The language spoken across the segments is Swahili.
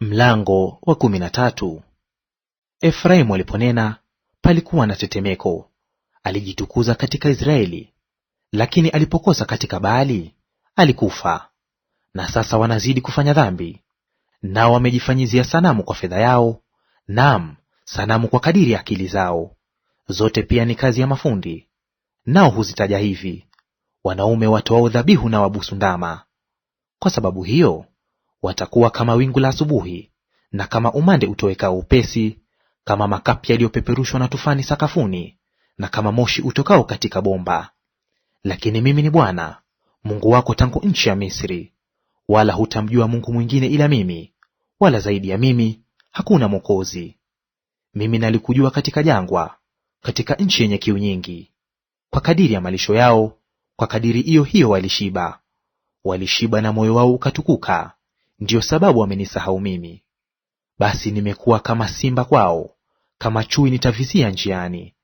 Mlango wa kumi na tatu. Efraimu aliponena palikuwa na tetemeko, alijitukuza katika Israeli, lakini alipokosa katika Baali alikufa. Na sasa wanazidi kufanya dhambi, nao wamejifanyizia sanamu kwa fedha yao, naam, sanamu kwa kadiri ya akili zao; zote pia ni kazi ya mafundi. Nao huzitaja hivi: wanaume watoao dhabihu na wabusu ndama. Kwa sababu hiyo Watakuwa kama wingu la asubuhi, na kama umande utowekao upesi, kama makapi yaliyopeperushwa na tufani sakafuni, na kama moshi utokao katika bomba. Lakini mimi ni Bwana Mungu wako tangu nchi ya Misri, wala hutamjua Mungu mwingine ila mimi, wala zaidi ya mimi hakuna mwokozi. Mimi nalikujua katika jangwa, katika nchi yenye kiu nyingi. Kwa kadiri ya malisho yao, kwa kadiri iyo hiyo walishiba; walishiba na moyo wao ukatukuka, Ndiyo sababu wamenisahau mimi. Basi nimekuwa kama simba kwao, kama chui nitavizia njiani.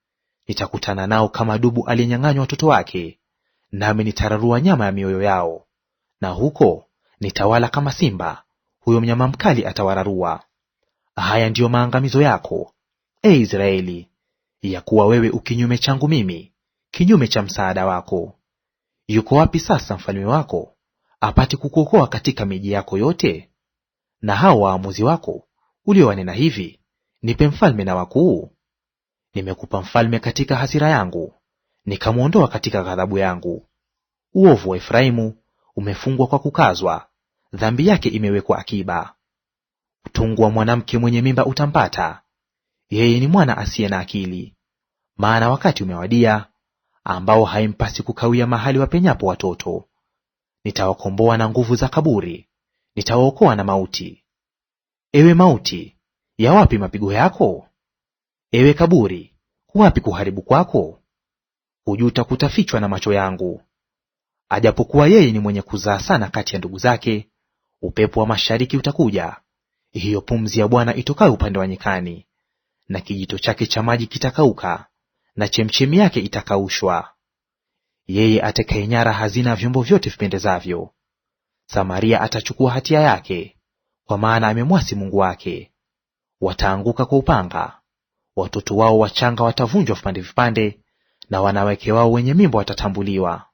Nitakutana nao kama dubu aliyenyang'anywa watoto wake, nami nitararua nyama ya mioyo yao. Na huko nitawala kama simba, huyo mnyama mkali atawararua. Haya ndiyo maangamizo yako, e Israeli, ya kuwa wewe ukinyume changu mimi, kinyume cha msaada wako. Yuko wapi sasa mfalme wako apate kukuokoa katika miji yako yote? Na hao waamuzi wako uliowanena hivi, nipe mfalme na wakuu? Nimekupa mfalme katika hasira yangu, nikamwondoa katika ghadhabu yangu. Uovu wa Efraimu umefungwa kwa kukazwa, dhambi yake imewekwa akiba. Utungu wa mwanamke mwenye mimba utampata yeye, ni mwana asiye na akili. Maana wakati umewadia ambao haimpasi kukawia mahali wapenyapo watoto. Nitawakomboa na nguvu za kaburi, nitawaokoa na mauti. Ewe mauti, ya wapi mapigo yako? Ewe kaburi, kuwapi kuharibu kwako? hujuta kutafichwa na macho yangu. Ajapokuwa yeye ni mwenye kuzaa sana kati ya ndugu zake, upepo wa mashariki utakuja, hiyo pumzi ya Bwana itokayo upande wa nyikani, na kijito chake cha maji kitakauka, na chemchemi yake itakaushwa yeye nyara hazina ya vyombo vyote vipendezavyo. Samaria atachukua hatia yake, kwa maana amemwasi Mungu wake. Wataanguka kwa upanga, watoto wao wachanga watavunjwa vipande vipande, na wanawake wao wenye mimba watatambuliwa.